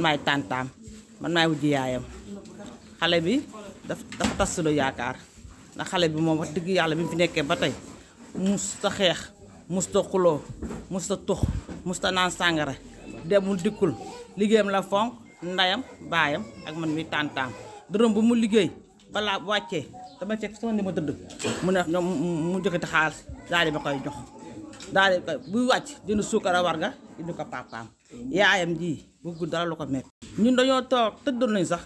may tantam, tàntaam man may wujj yaayam xalé bi dafa halabi tas sunu yaakaar ndax xale bi mom wax deug yalla bimu fi nekké ba musta xex musta xulo musta tokh musta naan sangara demul dikul liggéeyam la fonk ndayam bayam ak man mi tàntaam dërëm bu mu ligéy bala wàccee dama ci sama ni ma dëdd mu ne mu jëkkati xaalis daal di koy jox di wacc dina sukara warga nga ko yaayam ji bëggul dara lu ko nekk ñun dañoo toog tëddoon nañ sax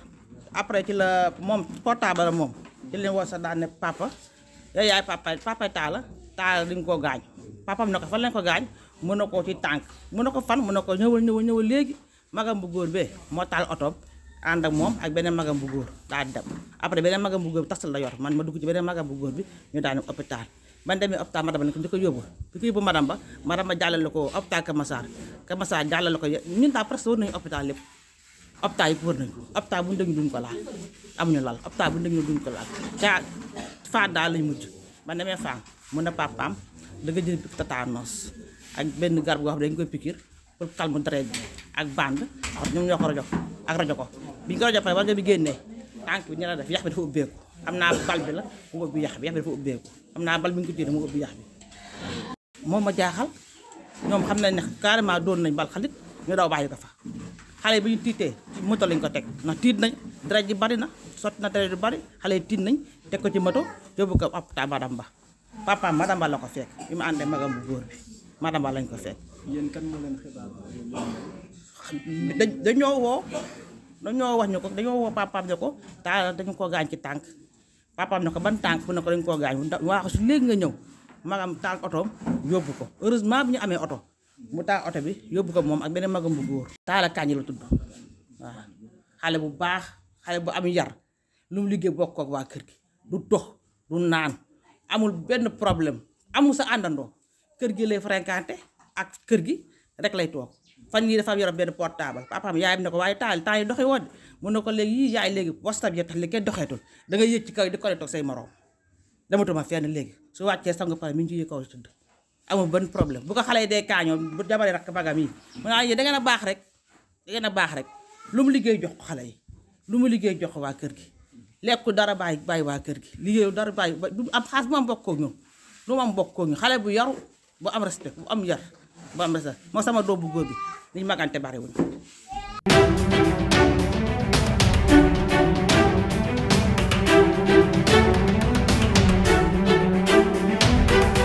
après ci la moom portable moom ci leen woo sax daan ne papa yow yaay papa papa taala taala dañ koo gaañ papam na ko fan lañ ko gaañ mën na koo ci tànk mun na ko fan mën na ko ñëwal ñëwal ñëwal léegi magam bu góor bee moo taal otoom ànd ak moom ak beneen magam bu góor daal di dem après beneen magam bu góor bi tas la yor man ma dugg ci beneen magam bu góor bi ñu daal di hôpital ban demee hôpital madame la di ko yóbbu di ko yóbbu madame ba madame ba jàllale ko hôpital Kër Massar Kër Massar ko ñun daal presque wër nañu hôpital lépp hôpital yi wër nañu ko hôpital bu ñu dégg duñ ko laal amuñu lal hôpital bu ñu duñ ko laal ca Fann daal lañ mujj ba demee Fann mu ne papaam da nga jël tétanos ak benn garab goo xam ne dañu koy pikiir pour calme deret bi ak bande ñoom ñoo ko rajo ak rajo ko bi ñu ko rajo pare rajo bi génnee tànk bi ñu la def yax bi dafa ubbeeku xam naa bal bi la mu ubbi yax bi yax bi dafa ubbeeku xam naa bal bi ñu ko tiiree mu ubbi yax bi moom ma jaaxal ñoom xam ne carrément doon nañ bal xalit ñu daw bàyyi ko moto lañ ko teg ndax tiit nañ deret bari na sotti na deret ji bari tiit nañ teg ci moto yóbbu ko ab ta madam ba papa madam ba ko fekk bi ma àndee bu góor bi ba lañ ko fekk. yéen kan moo leen xibaar dañoo woo dañoo wax ñu ko dañoo woo papaam ne ko ta dañu ko gaañ ci tànk. papaam na ko ban tànk fu ne ko dañ koo gaañ waaxu su léegi nga ñëw magam taal otoom yóbbu ko heureusement bi ñu amee oto mu taal oto bi yóbbu ko moom ak beneen magam bu góor taal kàññi la tudd waaw bu baax xale bu am yar lu liggéey bokk ak waa kër gi du dox du naan amul benn problème amul sa àndandoo kër gi lay fréquenté ak kër gi rek lay toog fan yii dafa am yoroon benn portable papaam yaayam ne ko waaye taal taal yi doxee woon mun na ko léegi yii yaay léegi WhatsApp yi tax li kenn doxeetul da ngay yëg ci kaw di connecté say morom dematuma léegi su wàccee sangu pare mi ngi ciy kaw di tudd amul benn problème bu ko xale yi dee kaañoo bu jabaree rakk bagam yi mu ne yéen da ngeen a baax rek da a baax rek lu mu liggéey jox ko xale yi lu mu liggéey jox ko waa kër gi lekku dara bàyyi bàyyi waa kër gi liggéeyu dara bàyyi du am xaas bu ma am bokkoo ñoom lu ma am bokkoo ñoom xale bu yaru bu am respect bu am yar bu am rasa moo sama doobu bu góor bi li ñu magante bariwuñ